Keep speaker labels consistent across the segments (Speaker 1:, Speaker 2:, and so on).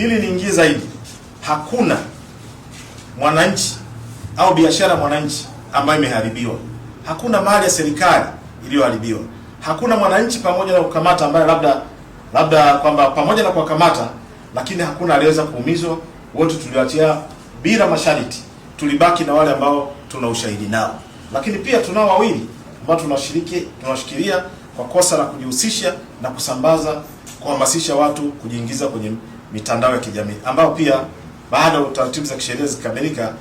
Speaker 1: hili niingie zaidi, hakuna mwananchi au biashara mwananchi ambayo imeharibiwa. Hakuna mali ya serikali iliyoharibiwa. Hakuna mwananchi pamoja na kukamata ambaye labda labda kwamba pamoja na kuwakamata, lakini hakuna aliweza kuumizwa. Wote tuliwachia bila masharti, tulibaki na wale ambao tuna ushahidi nao, lakini pia tunao wawili ambao tunashiriki tunashikilia kwa kosa la kujihusisha na kusambaza, kuhamasisha watu kujiingiza kwenye mitandao ya kijamii ambao pia baada ya taratibu za kisheria zikikamilika,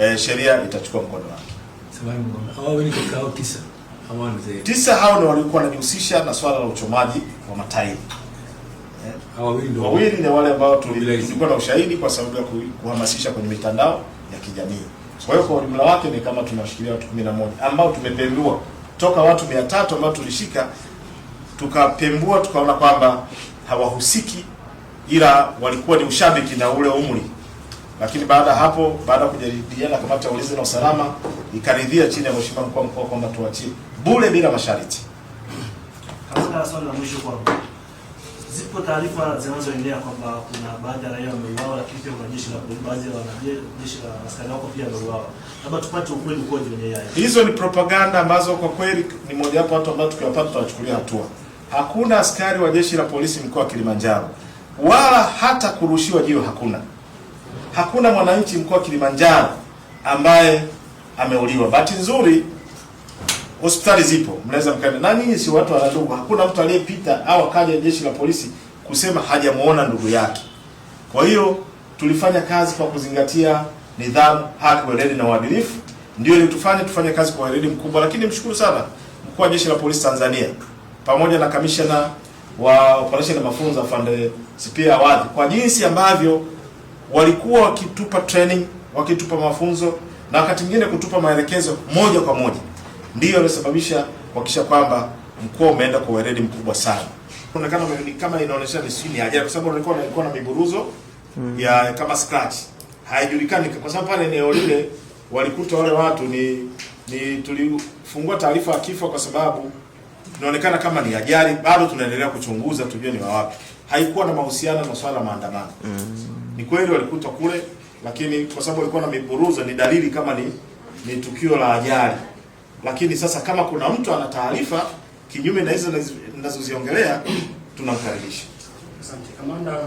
Speaker 1: e, sheria itachukua mkondo wake. Tisa hao ni walikuwa wanajihusisha na swala la uchomaji wa matairi eh, wawili ni wale ambao tulikuwa na ushahidi kwa sababu ya kuhamasisha kwenye mitandao ya kijamii. Kwa hiyo kwa ujumla wake ni kama tunashikilia watu 11 ambao tumepembua toka watu 300 ambao tulishika tukapembua tukaona kwamba hawahusiki ila walikuwa ni ushabiki na ule umri, lakini baada hapo, baada ya kujadiliana, kamati ya ulinzi na usalama ikaridhia chini ya mheshimiwa mkuu wa mkoa kwamba tuachie bure bila masharti.
Speaker 2: Katika swali la mwisho kwamba zipo taarifa zinazoenea kwamba kuna baadhi ya raia wameuawa, lakini pia kuna jeshi la baadhi ya wanajeshi la askari wako pia wameuawa, labda tupate ukweli ukoje kwenye haya.
Speaker 1: Hizo ni propaganda ambazo kwa kweli ni moja wapo watu ambao tukiwapata tutawachukulia hatua. Hakuna askari wa jeshi la polisi mkoa wa Kilimanjaro wala hata kurushiwa jiwe hakuna. Hakuna mwananchi mkoa wa Kilimanjaro ambaye ameuliwa. Bahati nzuri hospitali zipo, mnaweza mkaenda na si watu wana ndugu. Hakuna mtu aliyepita au akaja jeshi la polisi kusema hajamuona ndugu yake. Kwa hiyo tulifanya kazi kwa kuzingatia nidhamu, haki, weledi na uadilifu, ndio ilitufanya tufanye kazi kwa weledi mkubwa. Lakini mshukuru sana mkuu wa jeshi la polisi Tanzania pamoja na kamishna wa operation na mafunzo Fund Sipia Awadhi kwa jinsi ambavyo walikuwa wakitupa training, wakitupa mafunzo na wakati mwingine kutupa maelekezo moja kwa moja, ndiyo ilisababisha kuhakikisha kwamba mkoa umeenda kwa weledi mkubwa sana. Inaonekana kama inaonyesha ni sini ajabu, kwa sababu nilikuwa nilikuwa na miburuzo mm. ya kama scratch haijulikani, kwa sababu pale eneo lile walikuta wale watu ni, ni tulifungua taarifa ya kifo kwa sababu inaonekana kama ni ajali, bado tunaendelea kuchunguza tujue ni wawapi. Haikuwa na mahusiano na swala maandamano. Mm. Ni kweli walikuta kule, lakini kwa sababu walikuwa na mipuruza, ni dalili kama ni ni tukio la ajali. Lakini sasa kama kuna mtu ana taarifa kinyume na hizo ninazoziongelea, tunamkaribisha. Asante kamanda.